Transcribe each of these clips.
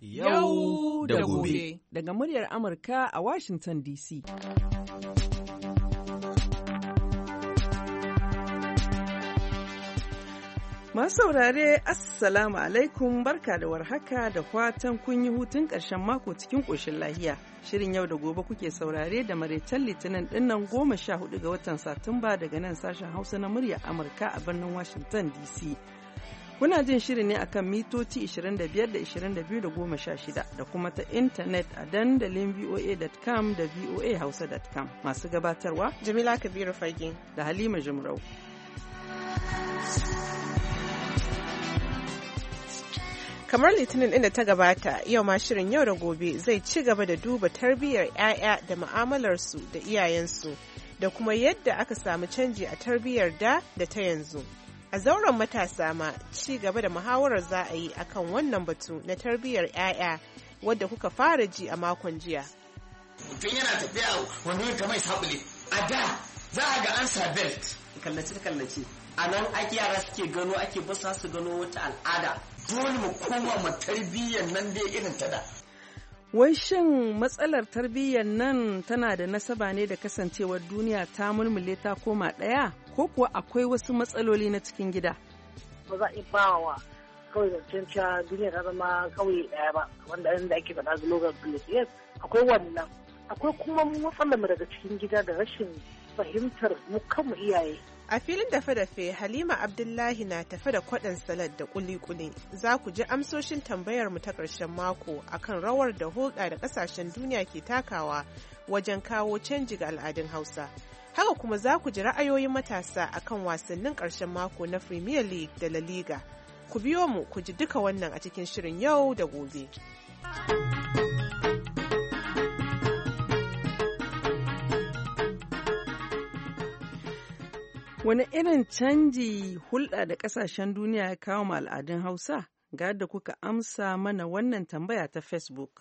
Yau da gobe. Daga muryar Amurka a Washington DC. Masu saurare Assalamu alaikum barka da warhaka da fatan kun yi hutun ƙarshen mako cikin ƙoshin lahiya. Shirin yau da gobe kuke saurare da maraitan litinin dinnan goma sha hudu ga watan Satumba daga nan sashen Hausa na murya Amurka a birnin Washington DC. Kuna jin shiri ne akan mitoci 25 da 22 da 16 da kuma ta intanet a dandalin voa.com da voahausa.com masu gabatarwa Jamila Kabiru Fagin da Halima Jumrau. Kamar Litinin inda ta gabata, yau ma shirin yau da gobe zai ci gaba da duba tarbiyyar 'ya'ya da mu'amalarsu da iyayensu da kuma yadda aka samu canji a tarbiyyar da da ta yanzu. A zauren matasa ma ci gaba da muhawarar za a yi akan wannan batu na tarbiyyar 'ya'ya wadda kuka fara ji a makon jiya. Mutum yana tafiya wani ta mai sabule. A da za a ga an sa Kallace kallace. A nan ake yara suke gano ake basa su gano wata al'ada. Dole mu koma ma tarbiyyar nan dai irin ta da. Wai shin matsalar tarbiyyar nan tana da nasaba ne da kasancewar duniya ta mulmule ta koma ɗaya? ko kuwa akwai wasu matsaloli na cikin gida ba za a ba wa kawai da cewa duniya ta zama kawai daya ba wanda inda ake faɗa global village yes akwai wannan akwai kuma matsalar mu daga cikin gida da rashin fahimtar mu kanmu iyaye A filin dafe-dafe Halima Abdullahi na tafe da kwaɗin salad da kuli-kuli za ku ji amsoshin tambayar mu ta ƙarshen mako akan rawar da hulɗa da ƙasashen duniya ke takawa wajen kawo canji ga al'adun Hausa. Haka kuma za ku ji ra'ayoyin matasa a kan wasannin ƙarshen mako na Premier League da La Liga. Ku biyo mu ku ji duka wannan a cikin shirin yau da gobe. Wani irin canji hulɗa da ƙasashen duniya ya kawo ma al'adun Hausa? Ga da kuka amsa mana wannan tambaya ta Facebook.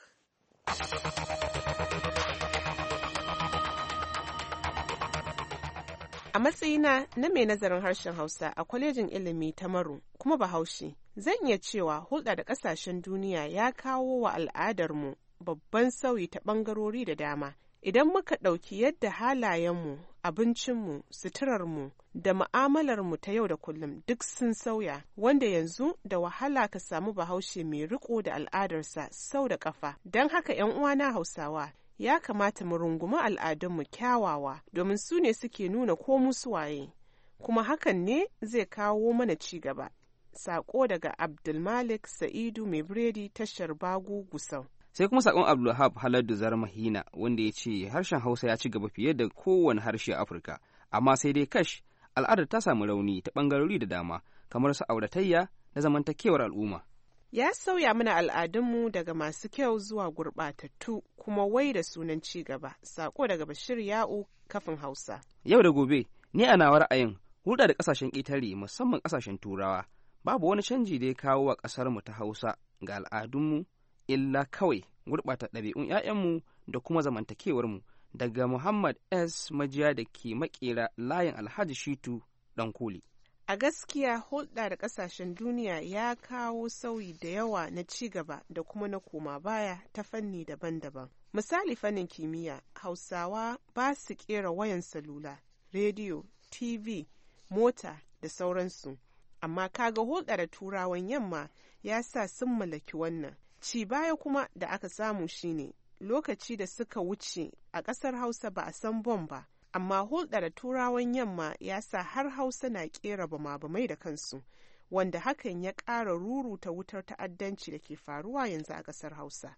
A matsayina na mai nazarin harshen Hausa a kwalejin ilimi ta Maru kuma Bahaushe, zan iya cewa hulɗa da ƙasashen duniya ya kawo wa al'adarmu babban sauyi ta ɓangarori da dama. Idan muka ɗauki yadda halayenmu, abincinmu, suturarmu da mu'amalarmu ta yau da kullum duk sun sauya, wanda yanzu da wahala ka samu Bahaushe mai riƙo da al'adarsa sau da ƙafa. Don haka 'yan uwana Hausawa, ya kamata mu rungumi al'adunmu kyawawa domin su ne suke nuna ko waye kuma hakan ne zai kawo mana ci gaba sako daga abdulmalik sa'idu mai biredi tashar bagu gusau sai kuma sakon abdulhab haladu zarmahina wanda ya ce harshen hausa ya ci gaba fiye da kowane harshe a afirka amma sai dai kash al'adar ta samu rauni ta ɓangarori da dama kamar su auratayya na zamantakewar al'umma ya sauya mana al'adunmu daga masu kyau zuwa gurɓatattu kuma wai da sunan ci gaba sako daga bashir ya'u kafin hausa yau da gobe ni a nawar ra'ayin hulɗa da ƙasashen ƙetare musamman ƙasashen turawa babu wani canji da ya kawo wa ƙasarmu ta hausa ga al'adunmu illa kawai gurɓata ɗabi'un ƴaƴanmu da kuma zamantakewar mu daga muhammad s majiya da ke maƙera layin alhaji shitu ɗan koli A gaskiya hulɗa da ƙasashen duniya ya kawo sauyi da yawa na ci gaba da kuma na koma baya ta fanni daban-daban. Misali fannin kimiyya, Hausawa ba su ƙera wayan salula, rediyo, TV, mota da sauransu. Amma kaga hulɗa da turawan yamma ya sa sun mallaki wannan. Ci baya kuma da aka samu shine lokaci da suka wuce a ƙasar Hausa ba a san bom ba. amma hulɗa da turawan yamma ya sa har hausa na ƙera bama-bamai da kansu wanda hakan ya ƙara ta wutar ta'addanci da ke faruwa yanzu a ƙasar hausa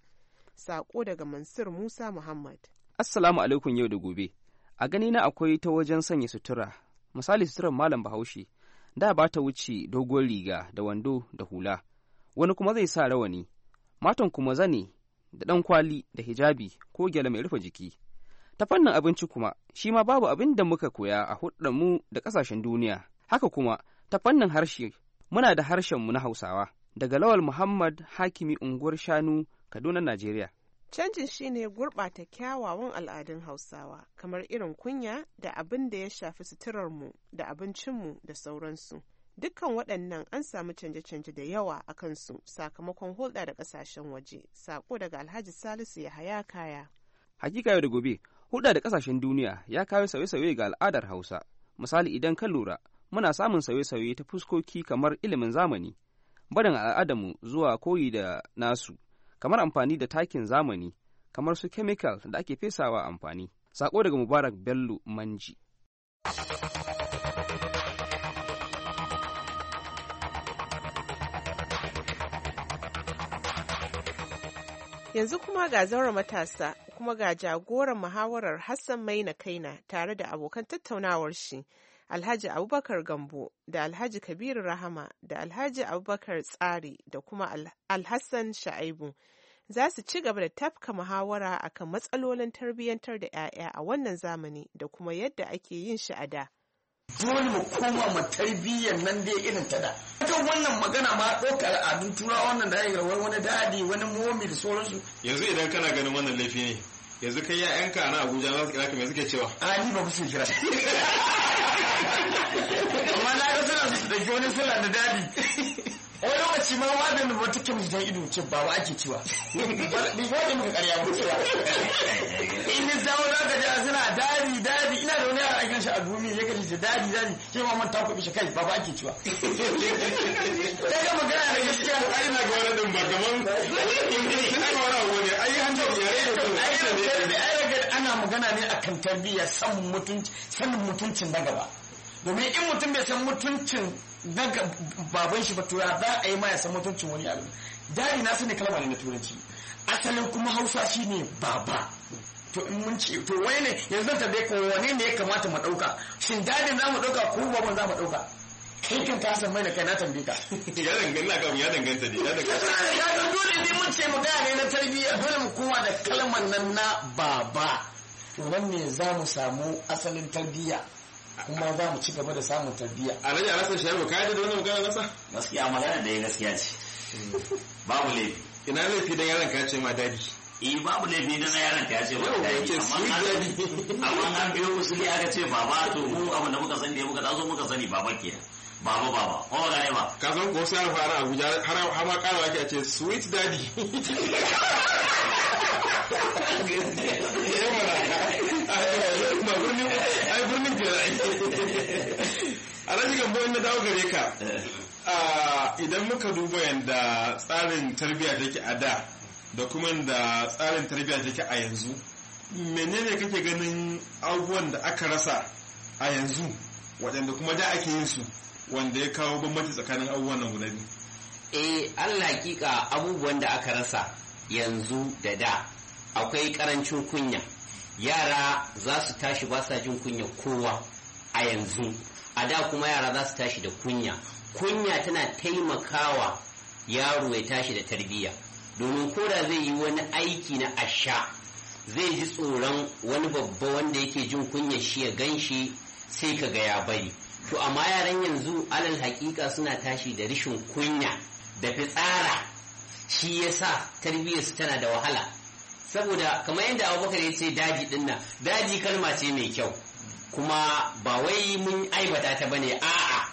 saƙo daga mansur musa muhammad assalamu alaikum yau da gobe a gani na akwai ta wajen sanya sutura misali suturar malam bahaushe da ba ta wuce dogon riga da wando da hula wani kuma zai sa rawani matan kuma zane da ɗan kwali da hijabi ko gyale mai rufe jiki Ta fannin abinci kuma, shi ma babu abin da muka koya a mu da ƙasashen duniya. Haka kuma, ta fannin harshe, muna da harshen mu na Hausawa, daga Lawal Muhammad Hakimi Unguwar Shanu, Kaduna, Najeriya. Canjin shi ne gurɓata kyawawan al'adun Hausawa, kamar irin kunya da abin da ya shafi mu da abincinmu da sauransu. Dukkan waɗannan an samu canje-canje da yawa a kansu sakamakon hulɗa da ƙasashen waje, Sako daga Alhaji Salisu ya haya Kaya. Hakika yau da gobe, Huɗa da ƙasashen duniya ya kawo sauye-sauye ga al'adar Hausa. Misali idan ka lura, muna samun sauye-sauye ta fuskoki kamar ilimin zamani, barin al'adarmu zuwa koyi da nasu, kamar amfani da takin zamani, kamar su chemical da ake fesawa amfani. Sako daga Mubarak Bello Manji. Yanzu kuma ga zaura matasa kuma ga jagoran muhawarar Hassan Maina Kaina tare da abokan tattaunawar shi, Alhaji Abubakar Gambo da Alhaji Kabiru Rahama da Alhaji Abubakar Tsari da kuma Alhassan Sha'aibu. Za su ci gaba da tafka muhawara akan matsalolin tarbiyyantar da 'ya'ya a wannan zamani da kuma yadda ake yin shi a da. dole mu koma mu tarbiyyar nan dai irin ta da kan wannan magana ma ɗaukar al'adun turawa wannan da ya wani wani dadi wani momi da sauransu yanzu idan kana ganin wannan laifi ne yanzu kai ya yanka na abuja za su kira ka me suke cewa a ni ba ku su kira amma na ga suna su da wani suna da dadi wani lokaci ma wadanda wata kim da ido ce ba ba ake cewa ni wani muka karya mu cewa in zawo da ka ji suna dadi dadi ina da wani yara aikin shi a gumi ya gaji ce dadi dadi ke ma man ta shi kai ba ba ake cewa sai ga magana da gaskiya ai na ga wani din ba kaman in ka wani abu ne ai hanta yare da ai ga ana magana ne akan tarbiyya san mutunci san mutuncin na gaba domin in mutum bai san mutuncin dan baban shi ba za a yi ma ya san mutuncin wani abu jari na sune kalma ne na turanci asalin kuma hausa shine baba to in mun ce to wai ne yanzu ta dai ko wane ne ya kamata mu dauka shin dadin za mu dauka ko baban za mu dauka kai kan ka san mai da kai na tambaye ka ya danganta ka ya danganta ne ya danganta dole ne mun ce mu gane na tarbiyya dole mu koma da kalmar nan na baba to ne za mu samu asalin tarbiyya kuma za mu ci gaba da samun tarbiyya alhaji alhassan shehu ka yi da wannan magana nasa gaskiya magana da ya gaskiya ce babu laifi ina laifi da yaron ka ce ma dadi eh babu laifi da na yaron ka ce ma dadi amma an biyo ne aka ce baba to mu abin da muka sani da muka taso muka sani baba ke. baba baba ko ga ne ba ka san ko sai fara Abuja har har ma ce sweet daddy alhaji gambo boyin na dawo gare ka idan muka duba yadda tsarin tarbiyya take a da da kuma yadda tsarin tarbiyya take a yanzu menene kake ganin abubuwan da aka rasa a yanzu waɗanda kuma da ake yin su wanda ya kawo bambanci tsakanin abubuwan nan guda biyu eh allah hakika abubuwan da aka rasa yanzu da da akwai karancin kunya yara za su tashi ba sa jin kunya kowa a yanzu a da kuma yara za su tashi da kunya kunya tana taimakawa yaro ya tashi da tarbiyya domin koda zai yi wani aiki na asha zai ji tsoron wani babba wanda yake jin kunya shi ya gan shi sai ka ga ya bari to amma yaran yanzu alal hakika suna tashi da rishin kunya da fitsara shi yasa tarbiyyarsu tana da wahala saboda kamar yadda abubakar ya ce daji dinna daji kalma ce mai kyau kuma ba wai mun aibata ta bane a'a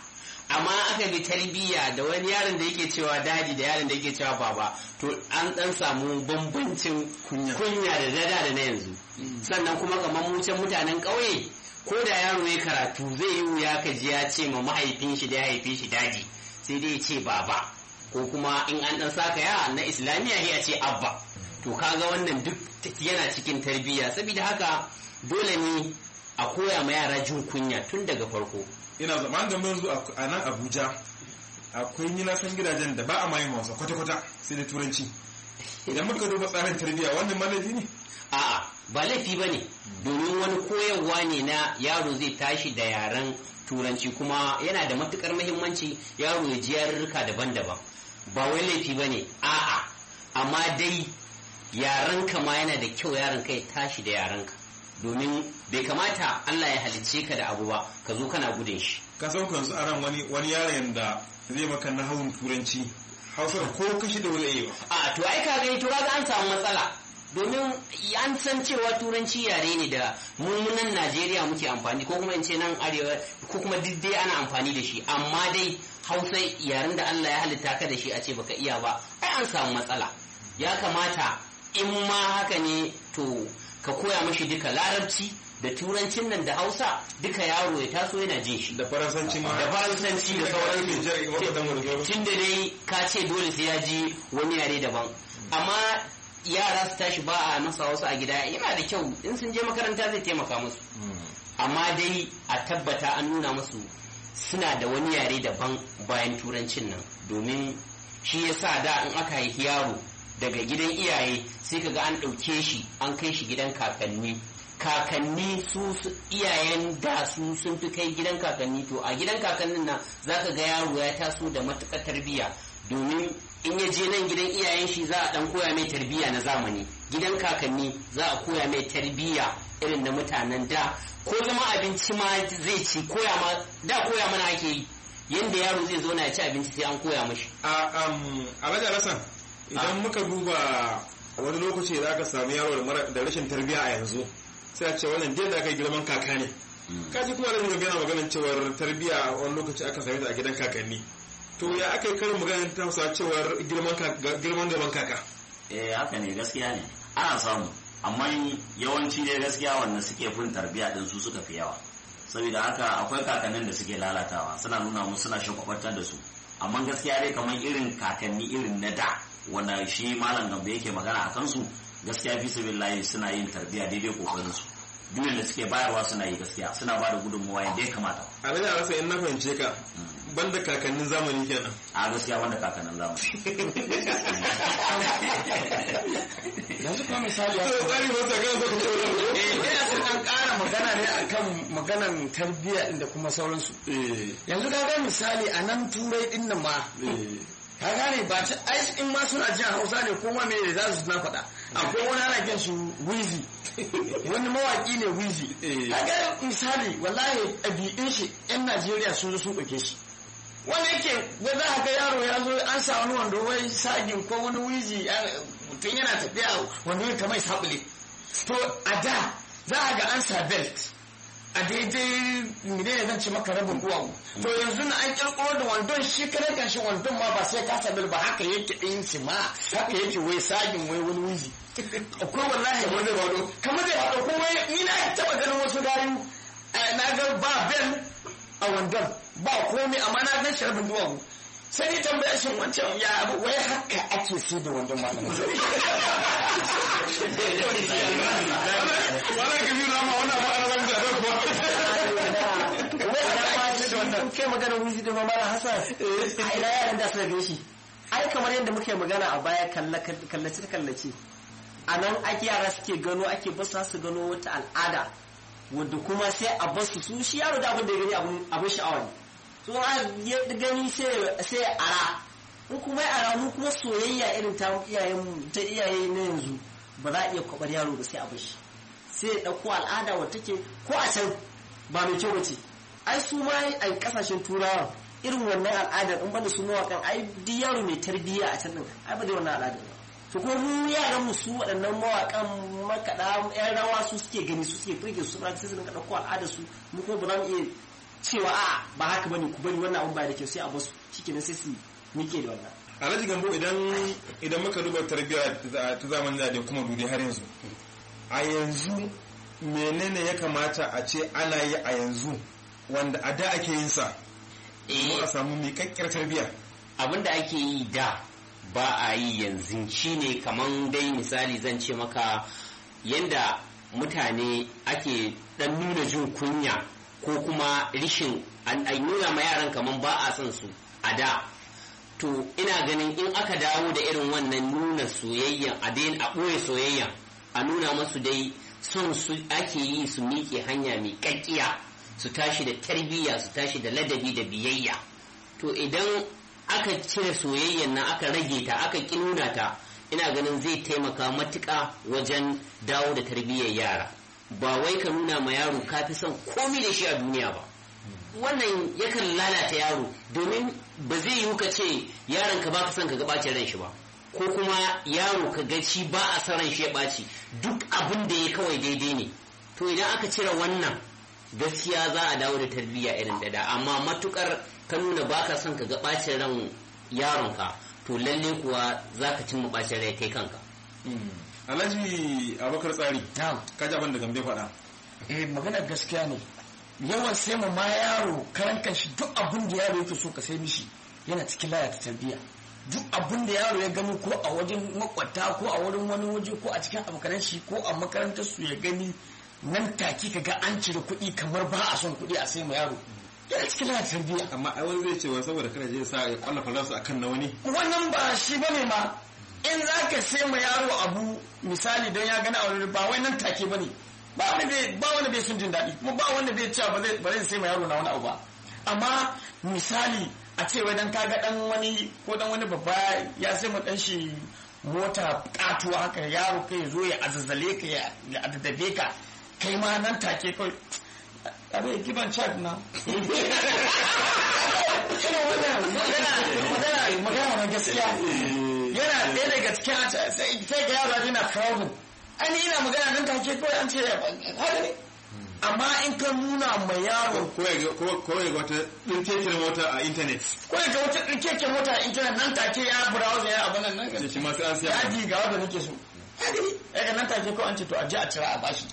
amma aka bi tarbiyya da wani yaron da yake cewa daji da yaron da yake cewa baba to an dan samu bambancin kunya da dada da na yanzu hmm. sannan kuma kamar mu mutanen ƙauye ko da yaro ya karatu zai yi wuya ka ji ya ce ma mahaifin shi da ya haife shi daji sai dai ya ce baba ko kuma in an dan saka ya na islamiyya ya ce abba to kaga wannan duk yana cikin tarbiyya saboda haka dole ne a koya ma yara jin kunya tun daga farko ina zaman da mun a nan abuja akwai yi na san gidajen da ba a mayin wasa kwata-kwata sai da turanci idan muka duba tsarin tarbiyya wannan laifi ne a'a ba laifi ba ne domin wani koyarwa ne na yaro zai tashi da yaren turanci kuma yana da matukar mahimmanci yaro ya ji yarurruka daban-daban ba wai laifi ba ne a'a amma dai Yaren ka ma yana da kyau yaran ka ya tashi da yaran ka domin bai kamata Allah ya halicce ka da abu ba ka zo kana gudun shi ka saukan su aran wani wani yaren da zai maka na hawan turanci hausar ko kashi da wani a to ai ka gani to ga an samu matsala domin an san cewa turanci yare ne da mummunan najeriya muke amfani ko kuma in ce nan arewa ko kuma duk dai ana amfani da shi amma dai hausa yaren da allah ya halitta ka da shi a ce baka iya ba ai an samu matsala ya kamata in ma haka ne to ka koya mashi duka larabci da turancin nan da hausa duka yaro ya taso yana jin shi da faransanci ma da faransanci da sauransu tun da dai ka ce dole sai ya ji wani yare daban amma yara su tashi ba a masa wasu a gida yana da kyau in sun je makaranta zai taimaka musu hmm. amma dai a tabbata an nuna musu suna da wani yare daban bayan turancin nan domin shi yasa da in aka haifi yaro daga gidan iyaye sai kaga an ɗauke shi an kai shi gidan kakanni kakanni su iyayen da su sun fi kai gidan kakanni to a gidan kakannin nan za ka ga yaro ya taso da matuƙar tarbiyya domin in ya je nan gidan iyayen shi za a ɗan koya mai tarbiyya na zamani gidan kakanni za a koya mai tarbiyya irin na mutanen da ko zama abinci ma zai ci koya ma da koya mana ake yi yadda yaro zai zo na ya ci abinci sai an koya mashi a um, idan muka duba wani lokaci za ka sami yaro da rashin tarbiya a yanzu sai a ce wannan diyar da aka yi girman kaka ne hmm. kaji kuma da muka gana maganin cewar tarbiya wani lokaci aka sami ta a gidan kakanni to ya aka yi karin maganin ta sa cewar girman gaban kaka eh haka ne gaskiya ne ana samu amma yawanci ne gaskiya wanda suke fin tarbiya din su suka fi yawa saboda haka akwai kakannin da suke lalatawa suna nuna musu suna shakwabantar da su amma gaskiya dai kamar irin kakanni irin na da wanda shi malam gambe yake magana a kansu gaskiya fi layi suna yin tarbiyya daidai kokarin su duk da suke bayarwa suna yi gaskiya suna ba da gudunmawa yadda ya kamata a da rasa in na fahimce ka hmm. banda kakannin zamani kenan a gaskiya banda kakannin zamani yanzu kuma misali ya tsari masa kan sa kuce wani eh ina son an kara magana ne akan maganan tarbiyya da kuma sauransu eh. yanzu ka ga misali a nan turai din nan ma eh. ka gane ba ta ai in ma suna jin hausa ne ko ma me ne za su na faɗa akwai wani ana kin su wizi wani mawaki ne wizi eh. ka gane misali wallahi ɗabi'in shi yan najeriya sun zo sun ɗauke shi wani yake ga za yaro ya zo an sa wani wando wai sagin ko wani wizi tun yana tafiya wando kamar sabule to a da za a ga an sa belt a daidai miliyan zan ci maka rabin uwan to yanzu na an kirko da wandon shi kare kan wandon ma ba sai ka sabil ba haka yake ɗin shi ma haka yake wai sagin wai wani wuzi akwai wallahi wani zai wado kamar zai wado wai ni na taɓa ganin wasu gayu eh, na ga ba ben a wandon ba komai amma na gan shi rabin uwan sai ni tambaya shi wancan ya abu wai haka ake sai da wanda malam wannan ma eh. ai kamar yadda muke magana a baya kallace kallace a nan ake yara suke gano ake basu su gano wata al'ada wadda kuma sai a basu su shi yaro da abin da ya gani abin sha'awa ne sun an ya gani sai ya ara in kuma ya ara mu kuma soyayya irin ta iyayen ta iyaye na yanzu ba za a iya kwabar yaro ba sai a bashi sai ya ɗauko al'ada wata ke ko a can ba mai kyau bace ai su ma a kasashen turawa irin wannan al'adar in bada su mawaƙan ai duk yaro mai tarbiyya a can din ai ba da wannan al'ada ba to ko mu yaran mu su waɗannan mawaƙan makaɗa yan rawa su suke gani su suke burge su ba sai su rinka ɗauko al'adar su mu ko ba za mu iya cewa a ba haka bane ku bari wannan abun ba da kyau sai a basu shikenan sai su mike da wannan alhaji gambo idan idan muka duba tarbiyya ta zamanin da kuma duniya har yanzu a yanzu menene ya kamata a ce ana yi a yanzu wanda a da ake yin sa eh. mu a samu miƙaƙƙiyar tarbiyya abin da ake yi da ba a yi yanzu shine kamar dai misali zan ce maka yanda mutane ake dan nuna jin kunya ko kuma rishin an nuna ma yaran kaman ba a son su a da to ina ganin in aka dawo da irin wannan nuna soyayya a dain a ɓoye soyayya a nuna masu dai son su ake yi su miƙe hanya mai ƙaƙƙiya su tashi da tarbiyya su tashi da ladabi da biyayya to idan aka cire soyayyan nan aka rage ta aka ƙi ta ina ganin zai taimaka matuƙa wajen dawo da tarbiyyar yara ba wai ka nuna ma yaro ka fi son komi da shi a duniya ba wannan yakan lalata yaro domin ba zai yi ka ce yaron ka ba ka son ka ga ɓacin ran shi ba ko kuma yaro ka ga shi ba a son ran shi ya ɓaci duk abin da ya kawai daidai ne to idan aka cire wannan gaskiya za a dawo da tarbiyya irin da da amma matukar ka nuna ba ka son ka ga ɓacin ran yaron ka to lalle kuwa za ka cimma ɓacin rai kai kanka Hmm. alhaji abokar tsari ka ji abin da faɗa eh gaskiya ne yawan sai mu ma yaro karan kanshi duk abin da yaro yake so ka sai mishi yana cikin ta tarbiyya duk abin da yaro ya gani ko a wajen makwata ko a wurin wani waje ko a cikin abokanan shi ko a makarantar su ya gani nan take ka ga an cire kuɗi kamar ba a son kuɗi a sai ma yaro yana cikin ta tarbiyya amma ai wani zai ce wa saboda kana je sa ya kwallafa ransu akan na wani wannan ba shi bane ma in za ka sai ma yaro abu misali don ya gani a wani ba wai nan take ba ne ba wani bai sun jin daɗi kuma ba wanda bai cewa ba zai sai ma yaro na wani abu ba amma misali a ce wai dan kaga dan wani ko dan wani babba ya sai ma dan shi mota katuwa haka yaro kai zo ya azazzale ka ya adadabe ka kai ma nan take kai abe kiban chat na magana magana gaskiya yana ɗaya daga cikin a sai ga yara yana problem an na magana nan take kawai an ce haka ne amma in ka nuna ma yaro ko ya ga wata ɗinkekiyar mota a intanet ko ya ga wata ɗinkekiyar mota a intanet nan take ya browser ya abin nan nan ga shi masu an siya ya ji ga wanda nake so haka ne ya ga nan take ko an ce to a ji a cira a bashi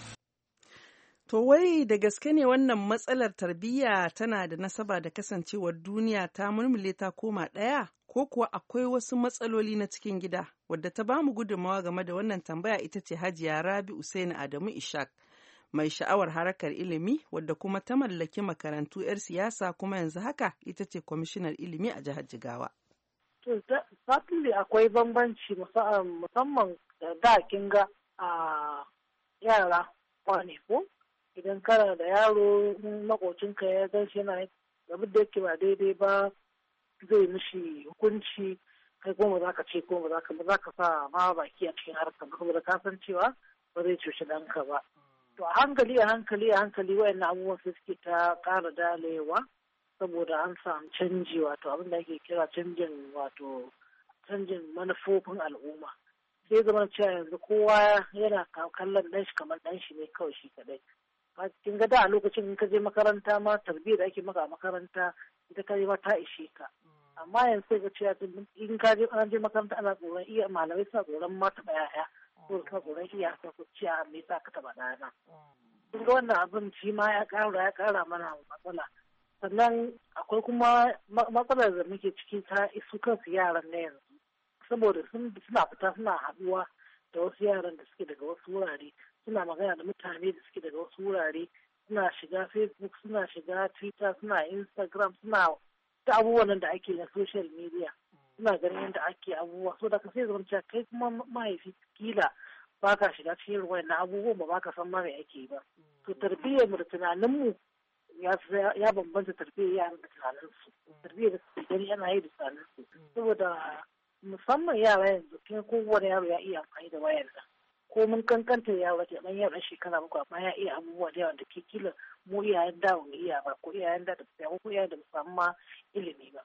To wai da gaske ne wannan matsalar tarbiyya tana da nasaba da kasancewar duniya ta murmule ta koma ɗaya ko kuwa akwai wasu matsaloli na cikin gida wadda ta bamu gudunmawa game da wannan tambaya ita ce hajiya Rabi Usaini Adamu Ishak mai sha'awar harakar ilimi wadda kuma ta mallaki makarantu 'yar siyasa kuma yanzu haka ita ce kwamishinar ilimi a jihar Jigawa. akwai bambanci musamman eh, da kinga a ah, yara ko idan kana da yaro makocin makocinka ya gan shi yana abin da yake ba daidai ba zai mishi hukunci kai kuma za ka ce ko ba za ka ba za ka sa ma baki a cikin harkar kuma da ka san cewa ba zai cuci ɗanka ba to a hankali a hankali a hankali wayannan abubuwan sai suke ta kara dalewa saboda an samu canji wato abin da ake kira canjin wato canjin manufofin al'umma sai zama cewa yanzu kowa yana kallon ɗanshi kamar ɗanshi ne kawai shi kaɗai kin ga da a lokacin in ka je makaranta ma tarbiyyar da ake maka a makaranta ita ka ma ta ishe ka amma yanzu sai ka ce in ka je an je makaranta ana tsoron iya malamai suna tsoron ma taɓa yaya ko suna tsoron iya ka ku ce a me yasa ka taɓa ɗaya kin ga wannan abin shi ma ya ƙara ya ƙara mana matsala sannan akwai kuma matsalar da muke ciki ta isu kansu yaran na yanzu saboda suna fita suna haɗuwa da wasu yaran da suke daga wasu wurare suna magana da mutane da suke daga wasu wurare suna shiga facebook suna shiga twitter suna instagram suna ta abubuwan da ake na social media suna ganin yadda ake abubuwa so da ka sai zama kai kuma mahaifi kila ba ka shiga cikin ruwan na abubuwan ba ba ka san mara ake ba mm. to tarbiyyar mu da tunanin mu ya bambanta tarbiyyar yaran da tunanin su mm. tarbiyyar da suke gani yana yi da tunanin su mm. saboda musamman yara yanzu kai kowane yaro ya iya amfani da wayar da ko mun kankanta ya wace dan yaran shekara bakwai amma ya iya abubuwa da yawa da ke kila mu iyayen da mu iya ba ko iyayen da da ko iyayen da ba ma ilimi ba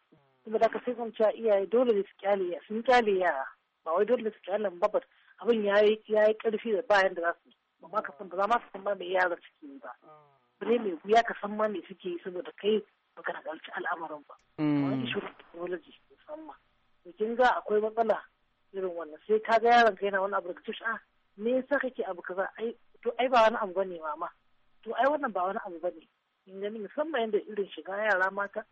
saboda ka sai zan cewa iyaye dole ne su kyale ya sun kyale yara ba wai dole su kyale ba abin ya yi ya yi karfi da bayan da za su ba ma ka san ba za ma su san ba mai yaran suke yi ba bare mai wuya ka san ma me suke yi saboda kai ba ka kalci al'amarin ba mm. wani shirin technology musamman kin ga akwai matsala irin wannan sai ka ga yaron kai na wani abu da ka tushe me yasa kake abu kaza ai to ai ba wani abu bane mama to ai wannan ba wani abu bane in gani musamman yadda irin shiga yara mata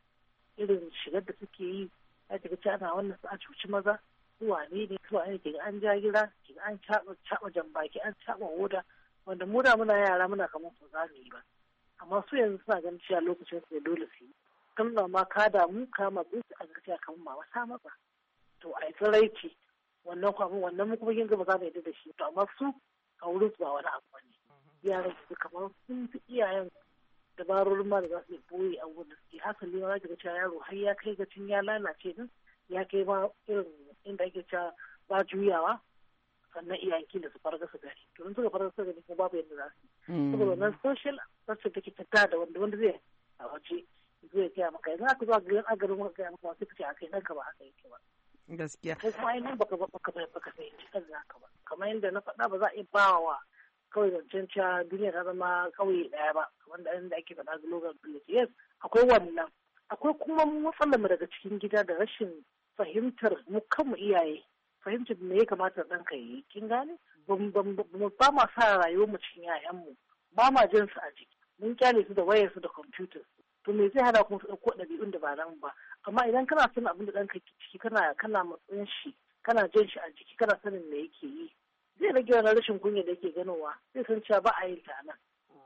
irin shigar da suke yi a daga ci ana wannan a cuci maza zuwa ne ne zuwa ne ke an ja gira ke an caɓa jan baki an caɓa hoda wanda mu da muna yara muna kamar su za mu yi ba amma su yanzu suna ganin cewa lokacin su ne dole su yi kan ma ka damu ka matsu a gaskiya kamar mama ta maza to ai tsiraici wannan kwamin wannan mu gaba za mu yadda da shi to amma su a wurin su ba wani abu ne yaran su kamar sun fi iyayen dabarorin ma da za su yi boye a wurin da suke haka ne ma za cewa yaro har ya kai ga tun ya lalace din ya kai ma irin inda ake cewa ba juyawa sannan iyayen kila su farga su gari to in suka farga su gari kuma babu yadda za su yi hmm. saboda wannan social sassa take tattara da wanda wanda zai a waje zai gaya maka yanzu aka zo a garin agarin maka gaya maka wasu fice a kai nan ka ba haka yake ba gaskiya ko kuma ainihin baka baka baka fahimci kan zaka ba kamar yadda na faɗa ba za a iya bawa kawai zancen cewa duniya ta zama kawai ɗaya ba kamar da yadda ake faɗa global village yes akwai wannan akwai kuma matsalar mu daga cikin gida da rashin fahimtar mu kanmu iyaye fahimtar me ya kamata dan ka yi kin gane ba ma sa rayuwar mu cikin yayan mu ba ma jin su a jiki mun kyale su da wayar su da kwamfutar to me zai hana kuma su ɗauko ɗabi'un da ba nan ba amma idan kana sanin abin da ɗanka ke ciki kana kana matsayin shi kana jin shi a jiki kana sanin me yake yi zai rage wani rashin kunya da yake ganowa zai san cewa ba a yin ta nan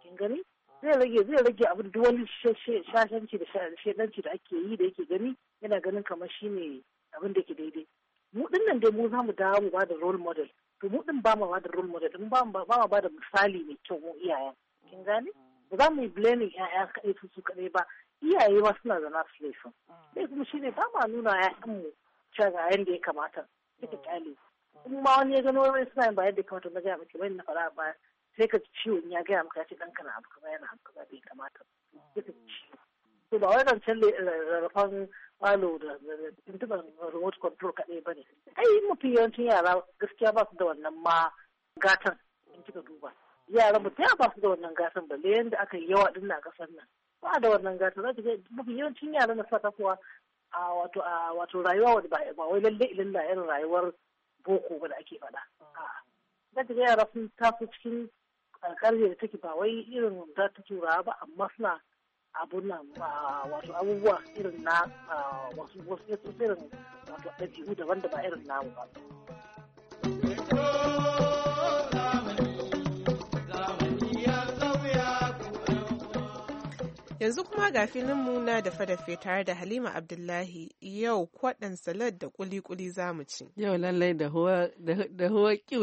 kin gani zai rage zai rage abin duk wani shashanci da shedanci da ake yi da yake gani yana ganin kamar shi ne abin da ke daidai mu ɗin nan dai mu za mu dawo mu da role model to mu ɗin ba mu bada role model din ba mu bada misali mai kyau mu iyayen kin gani ba za mu yi blaming yaya kaɗai su su kaɗai ba iyaye ma suna da nasu laifin kuma mm. shi ne ba ma nuna ƴaƴanmu cewa ga yadda ya kamata duka kyale mm. mm. in ma wani ya gano wani suna yin ba yadda ya kamata na gaya maka bayan na fara ba sai ka ji ciwon ya gaya maka ya ce ɗan kana abu kaza yana abu kaza bai kamata duka ciwo to ba wai zancen rarrafan falo da tuntuɓar remote control kaɗai ba ne ai mafi yawancin yara gaskiya ba su da wannan ma gatan in kika duba yaran mu ta ba su da wannan gatan balle yadda aka yi yawa ɗin na ƙasar nan ba da wannan gata za ki ga mafi yawancin yara na sa tafowa a wato a wato rayuwa wadda ba wai lalle ilin da irin rayuwar boko ba da ake faɗa za ki ga yara sun taso cikin karkarje da take ba wai irin za ta tura ba amma suna abun nan wato abubuwa irin na wasu wasu irin wato ɗabi'u daban da ba irin namu ba Yanzu kuma ga filin muna da fadafe tare da Halima Abdullahi yau kwaɗan salad da kuli-kuli za mu ci. Yau lallai da huwa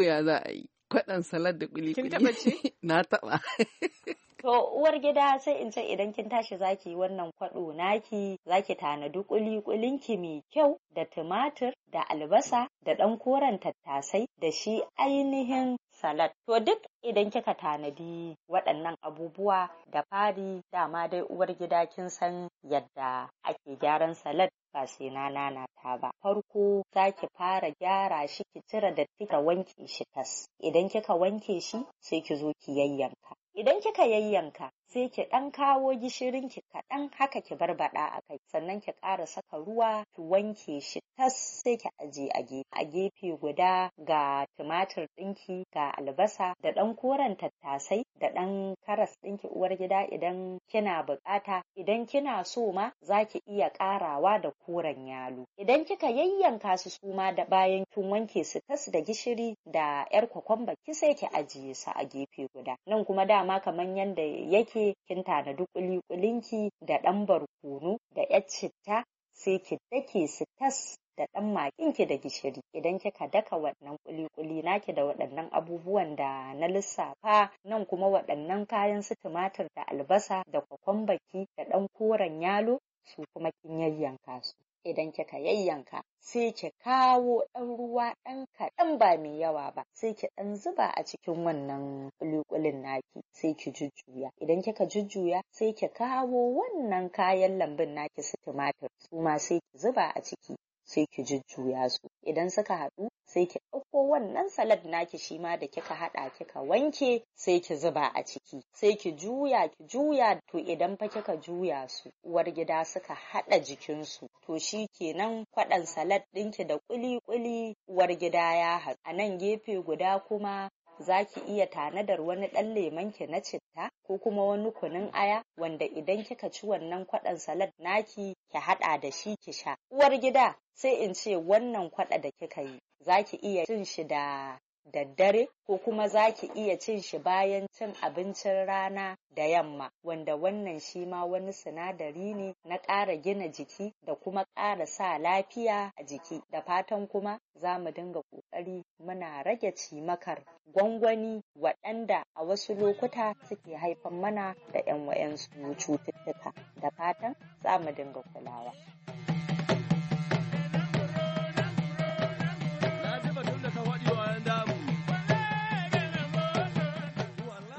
ya za a yi. Kwaɗan salad da kuli-kuli. Na taɓa. To uwar gida sai in san idan kin tashi zaki yi wannan kwaɗo naki zaki tanadi kuli ki mai kyau da tumatir da albasa da ɗan koren tattasai da shi ainihin salad. To duk idan kika tanadi waɗannan abubuwa da fari dama dai uwar gida kin san yadda ake gyaran salad ba sai na nanata ba. Farko za ki fara gyara shi ki cire datti ka wanke shi tas. Idan kika wanke shi sai ki zo ki yayyanka. idan kika yayyanka sai ki ɗan kawo gishirin ki kaɗan haka ki barbaɗa a kai sannan ki ƙara saka ruwa ki wanke shi tas sai ki aje a gefe a gefe guda ga tumatir ɗinki ga albasa da ɗan koren tattasai da ɗan karas ɗinki uwar gida idan kina buƙata idan kina so ma za ki iya ƙarawa da koren yalo idan kika yayyanka su ma da bayan kin wanke su tas da gishiri da ƴar kwakwamba ki sai ki ajiye su a gefe guda nan kuma dama kamar yanda yake ki kin tanadi kuli-kulinki da ɗan barkono da ƴar citta sai ki dake su tas da ɗan makinki da gishiri idan kika daka wannan kuli-kuli naki da waɗannan abubuwan da na lissafa nan kuma waɗannan kayan su tumatir da albasa da kwakwambaki da ɗan koren yalo su kuma kin yayyanka su idan kika yayyanka sai ki kawo ɗan ruwa ɗan kaɗan ba mai yawa ba sai ki ɗan zuba a cikin wannan kulikulin naki sai ki jujjuya idan kika jujjuya sai ki kawo wannan kayan lambun naki su tumatir su ma sai ki zuba a ciki sai ki jujjuya su idan suka haɗu sai ki ɗauko wannan salad naki shi ma da kika haɗa kika wanke sai ki zuba a ciki sai ki juya ki juya to idan fa kika juya su uwar gida suka haɗa jikinsu to shi kenan kwaɗan salad ɗinki da ƙuli-ƙuli uwar gida ya haɗu a nan gefe guda kuma za ki iya tanadar wani ɗan lemonki na citta ta ko kuma wani kunun aya wanda idan kika ci wannan kwaɗon salad naki ki haɗa da shi ki sha. Uwar gida sai in ce wannan kwaɗa da kika yi za ki iya cin shi da daddare ko kuma za ki iya cin shi bayan cin abincin rana da yamma wanda wannan shi ma wani sinadari ne na ƙara gina jiki da kuma ƙara sa lafiya a jiki da fatan kuma za mu dinga ƙoƙari muna rage cimakar gwangwani waɗanda a wasu lokuta suke haifan mana da 'yan wayansu cututtuka da fatan za mu dinga kulawa.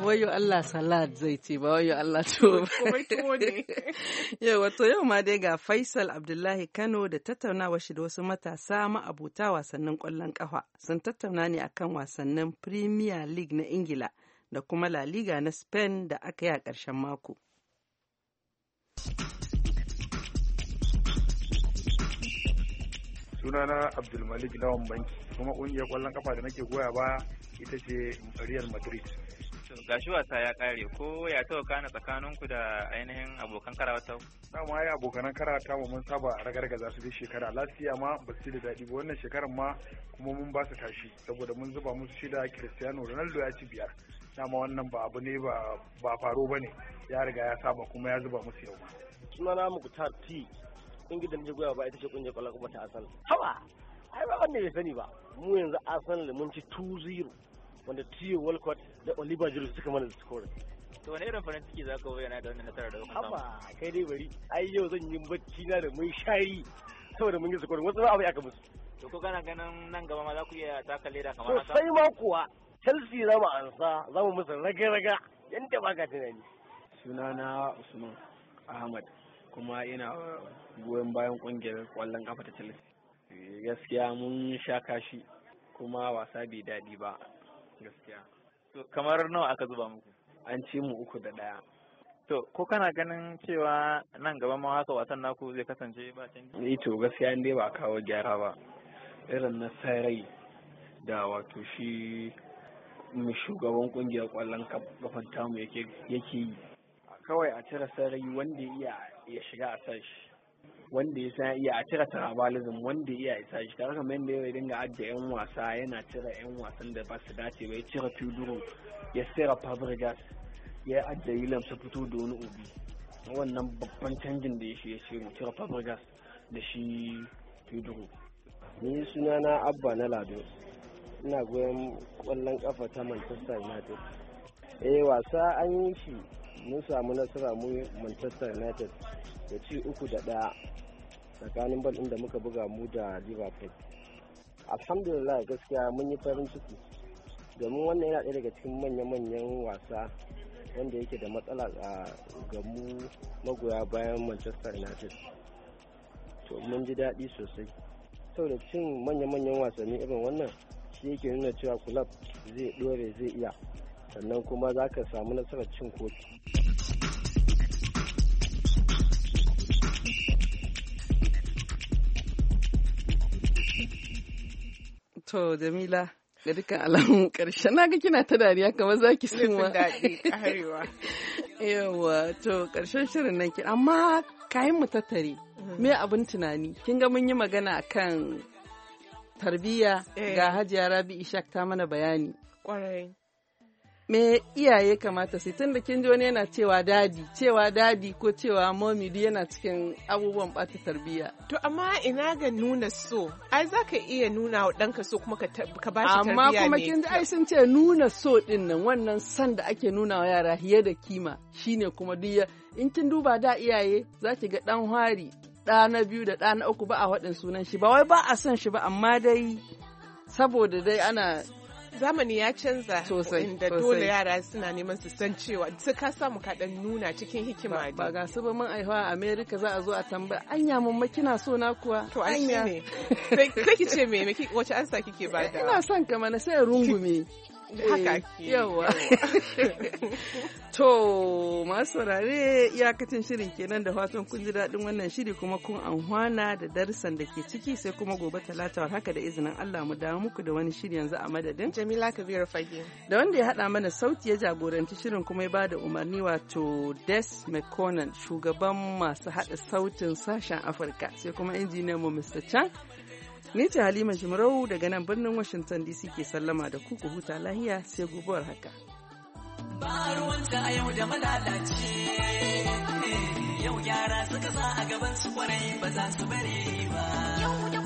wayo Allah salad zai ce ba wayo Allah tuwo ne yau wato yau ma dai ga Faisal Abdullahi Kano da tattaunawa shi da wasu matasa ma'abuta wasannin kwallon kafa sun tattauna ne akan wasannin Premier League na Ingila da kuma La Liga na Spain da aka yi a ƙarshen mako. sunana abdulmalik lawan banki kuma kungiyar kwallon kafa da nake goya baya ita ce real madrid to gashi wasa ya kare ko ya taɓa kana tsakaninku da ainihin abokan karawata dama ya abokan karawata mu mun saba a za su bi shekara lafiya ma ba su da daɗi ba wannan shekarar ma kuma mun ba su tashi saboda mun zuba musu shida cristiano ronaldo ya ci biyar ma wannan ba abu ne ba faro ba ya riga ya saba kuma ya zuba musu yau Suna mu mukutar t ingidan da goya ba ita ce kunje kwallo kuma ta asal hawa ai ba wanda ya sani ba mu yanzu asal mun ci 2-0 wanda Tio Walcott da Oliver Giroud suka mana scoring to wani irin farin ciki zaka bayyana da wannan nasarar da kuka samu amma kai dai bari ai yau zan yi bacci na da mun shayi saboda mun yi scoring wasu abu aka musu to ko kana ganin nan gaba ma za ku iya taka leda kamar haka sai ma kuwa Chelsea za mu ansa za mu musu raga-raga yanda ba ka tunani sunana Usman Ahmad kuma ina goyon bayan kungiyar kwallon kafa ta Chelsea eh, gaskiya mun sha kashi kuma wasa bai daɗi ba gaskiya to kamar nawa aka zuba muku an ci mu uku da ɗaya to ko kana ganin cewa nan gaba ma haka wasan naku zai kasance ba canji eh to gaskiya in ba kawo gyara ba irin na sarai da wato shi shugaban kungiyar kwallon kafan tamu yake yi kawai a cire sarai wanda ya iya ya shiga a sashi wanda ya san iya a cire tarabalism wanda ya iya isa shi tare kamar da ya dinga ajiye yan wasa yana cire yan wasan da ba su dace bai cire Tudoro ya cire Fabregas ya ajiye William su fito da wani obi wannan babban canjin da ya shi ya shiru cire Fabregas da shi yi ni na Abba na Lado ina goyon kwallon kafa ta Manchester United eh wasa an yi shi mun samu nasara mu Manchester United da ci uku da ɗaya tsakanin bal ɗin da muka buga mu da liverpool alhamdulillah gaskiya mun yi farin ciki domin wannan yana ɗaya daga cikin manya-manyan wasa wanda yake da matsala ga mu magoya bayan manchester united to mun ji daɗi sosai saboda cin manya-manyan wasanni irin wannan shi yake nuna cewa club zai ɗore zai iya sannan kuma za ka samu nasarar cin kofi To Jamila ga dukkan alamun ƙarshe na ga kina ta dariya kamar za ki suma. Yawa to ƙarshen shirin nan ki amma kayan mu tattare mm. me abin tunani kin ga mun yi magana kan tarbiyya eh. ga Hajiya Rabi Ishak ta mana bayani. Kwarai. me iyaye kamata sai tun da kin ji wani yana cewa dadi cewa dadi ko cewa momi duk yana cikin abubuwan bata tarbiyya to amma ina ga nuna so ai zaka iya nuna wa danka so kuma ka ka ba shi tarbiyya amma kuma kin ji ai sun ce nuna so din nan wannan san da ake nuna wa yara hiye da kima shine kuma duk in kin duba da iyaye zaki ga dan hari ɗa na biyu da ɗa na uku ba a wadin sunan shi ba wai ba a son shi ba amma dai saboda dai ana zamani ya canza inda dole yara suna neman su san cewa su ka samu kaɗan nuna cikin hikima ba ga su ba mun aihuwa america za a zo a tambaya anya mun kina so na kuwa to an ne sai ki ce me wace ansa kike bada ina son kama na sai rungume haka yawa to masu saurare iyakacin shirin kenan da fatan kun ji daɗin wannan shiri kuma kun anhwana da darsan da ke ciki sai kuma gobe talata haka da izinin Allah mu dawo muku da wani shiri yanzu a madadin Jamila Kabir Fage da wanda ya haɗa mana sauti ya jagoranci shirin kuma ya bada umarni wato Des McConnell shugaban masu haɗa sautin sashen Afirka sai kuma injiniyan mu Mr. Chan Ni ce Halima shimarau daga nan birnin Washington DC ke sallama da ku ku huta lahiya sai gobuwar haka. Ba ruwanta a yau da malalace, eh, yau yara suka sa a gaban su kwarai ba za su bare ba.